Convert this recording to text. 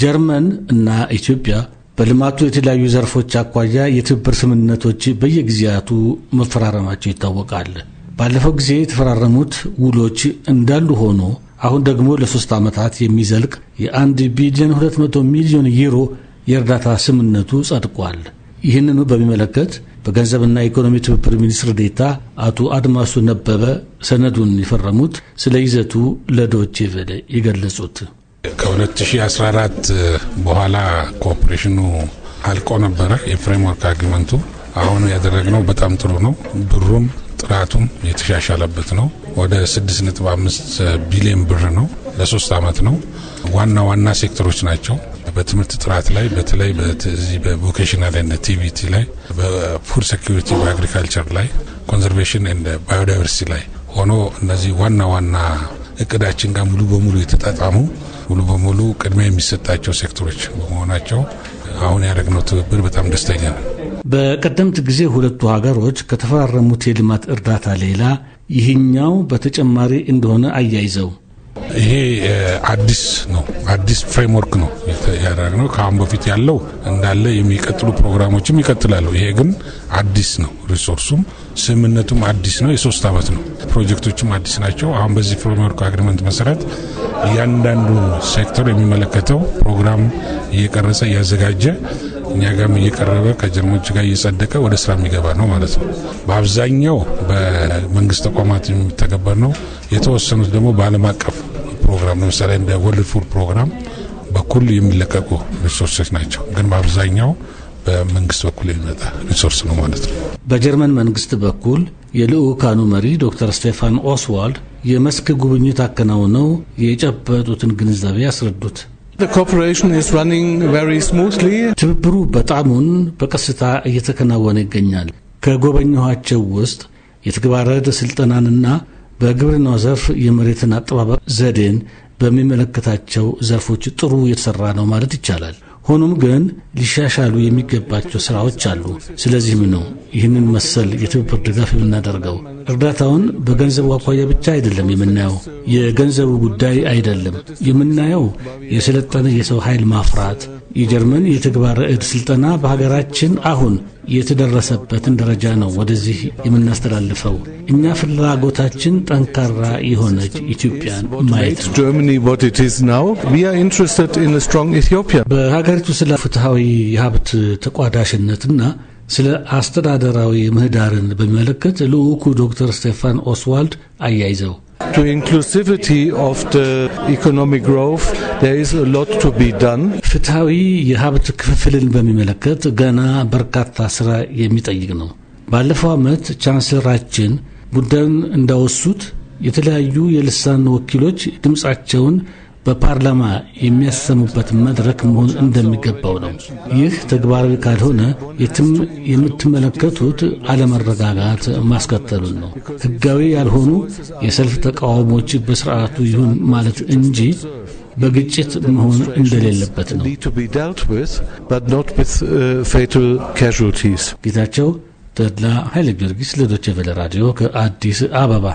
ጀርመን እና ኢትዮጵያ በልማቱ የተለያዩ ዘርፎች አኳያ የትብብር ስምምነቶች በየጊዜያቱ መፈራረማቸው ይታወቃል። ባለፈው ጊዜ የተፈራረሙት ውሎች እንዳሉ ሆኖ አሁን ደግሞ ለሶስት ዓመታት የሚዘልቅ የአንድ ቢሊዮን 200 ሚሊዮን ዩሮ የእርዳታ ስምምነቱ ጸድቋል። ይህንኑ በሚመለከት በገንዘብና ኢኮኖሚ ትብብር ሚኒስትር ዴታ አቶ አድማሱ ነበበ ሰነዱን የፈረሙት ስለ ይዘቱ ለዶቼ ቬለ የገለጹት ከ2014 በኋላ ኮኦፕሬሽኑ አልቆ ነበረ። የፍሬምወርክ አግሪመንቱ አሁን ያደረግነው በጣም ጥሩ ነው። ብሩም ጥራቱም የተሻሻለበት ነው። ወደ 6.5 ቢሊዮን ብር ነው። ለሶስት አመት ነው። ዋና ዋና ሴክተሮች ናቸው። በትምህርት ጥራት ላይ በተለይ በዚህ በቮኬሽናል ኤንድ ቲቪቲ ላይ፣ በፉድ ሴኩሪቲ፣ በአግሪካልቸር ላይ፣ ኮንዘርቬሽን ኤንድ ባዮዳይቨርሲቲ ላይ ሆኖ እነዚህ ዋና ዋና እቅዳችን ጋር ሙሉ በሙሉ የተጣጣሙ ሙሉ በሙሉ ቅድሚያ የሚሰጣቸው ሴክተሮች በመሆናቸው አሁን ያደረግነው ትብብር በጣም ደስተኛ ነው። በቀደምት ጊዜ ሁለቱ ሀገሮች ከተፈራረሙት የልማት እርዳታ ሌላ ይህኛው በተጨማሪ እንደሆነ አያይዘው ይሄ አዲስ ነው፣ አዲስ ፍሬምወርክ ነው ነው። ከአሁን በፊት ያለው እንዳለ የሚቀጥሉ ፕሮግራሞችም ይቀጥላሉ። ይሄ ግን አዲስ ነው። ሪሶርሱም ስምምነቱም አዲስ ነው። የሶስት አመት ነው። ፕሮጀክቶችም አዲስ ናቸው። አሁን በዚህ ፍሬምወርክ አግሪመንት መሰረት እያንዳንዱ ሴክተር የሚመለከተው ፕሮግራም እየቀረጸ እያዘጋጀ እኛ ጋም እየቀረበ ከጀርሞች ጋር እየጸደቀ ወደ ስራ የሚገባ ነው ማለት ነው። በአብዛኛው በመንግስት ተቋማት የሚተገበር ነው። የተወሰኑት ደግሞ በዓለም አቀፍ ፕሮግራም ለምሳሌ እንደ ወርልድ ፉድ ፕሮግራም በኩል የሚለቀቁ ሪሶርሶች ናቸው። ግን በአብዛኛው በመንግስት በኩል የሚመጣ ሪሶርስ ነው ማለት ነው። በጀርመን መንግስት በኩል የልዑካኑ መሪ ዶክተር ስቴፋን ኦስዋልድ የመስክ ጉብኝት አከናውነው የጨበጡትን ግንዛቤ ያስረዱት ትብብሩ በጣሙን በቀስታ እየተከናወነ ይገኛል። ከጎበኘኋቸው ውስጥ የተግባረ ስልጠናንና በግብርናው ዘርፍ የመሬትን አጠባበቅ ዘዴን በሚመለከታቸው ዘርፎች ጥሩ የተሰራ ነው ማለት ይቻላል። ሆኖም ግን ሊሻሻሉ የሚገባቸው ስራዎች አሉ። ስለዚህም ነው ይህንን መሰል የትብብር ድጋፍ የምናደርገው። እርዳታውን በገንዘቡ አኳያ ብቻ አይደለም የምናየው፣ የገንዘቡ ጉዳይ አይደለም የምናየው። የሰለጠነ የሰው ኃይል ማፍራት፣ የጀርመን የተግባር ርዕድ ስልጠና በሀገራችን አሁን የተደረሰበትን ደረጃ ነው ወደዚህ የምናስተላልፈው። እኛ ፍላጎታችን ጠንካራ የሆነች ኢትዮጵያን ማየት ነው። በሀገሪቱ ስለ ፍትሐዊ የሀብት ተቋዳሽነትና ስለ አስተዳደራዊ ምህዳርን በሚመለከት ልዑኩ ዶክተር ስቴፋን ኦስዋልድ አያይዘው To inclusivity of the economic growth, there is a lot to be done. ፍትሐዊ የሀብት ክፍፍልን በሚመለከት ገና በርካታ ስራ የሚጠይቅ ነው። ባለፈው ዓመት ቻንስለራችን ጉዳዩን እንዳወሱት የተለያዩ የልሳን ወኪሎች ድምፃቸውን በፓርላማ የሚያሰሙበት መድረክ መሆን እንደሚገባው ነው። ይህ ተግባራዊ ካልሆነ የትም የምትመለከቱት አለመረጋጋት ማስከተሉን ነው። ህጋዊ ያልሆኑ የሰልፍ ተቃውሞች በስርዓቱ ይሁን ማለት እንጂ በግጭት መሆን እንደሌለበት ነው። ጌታቸው ተድላ ኃይለ ጊዮርጊስ ለዶቼ ቬለ ራዲዮ ከአዲስ አበባ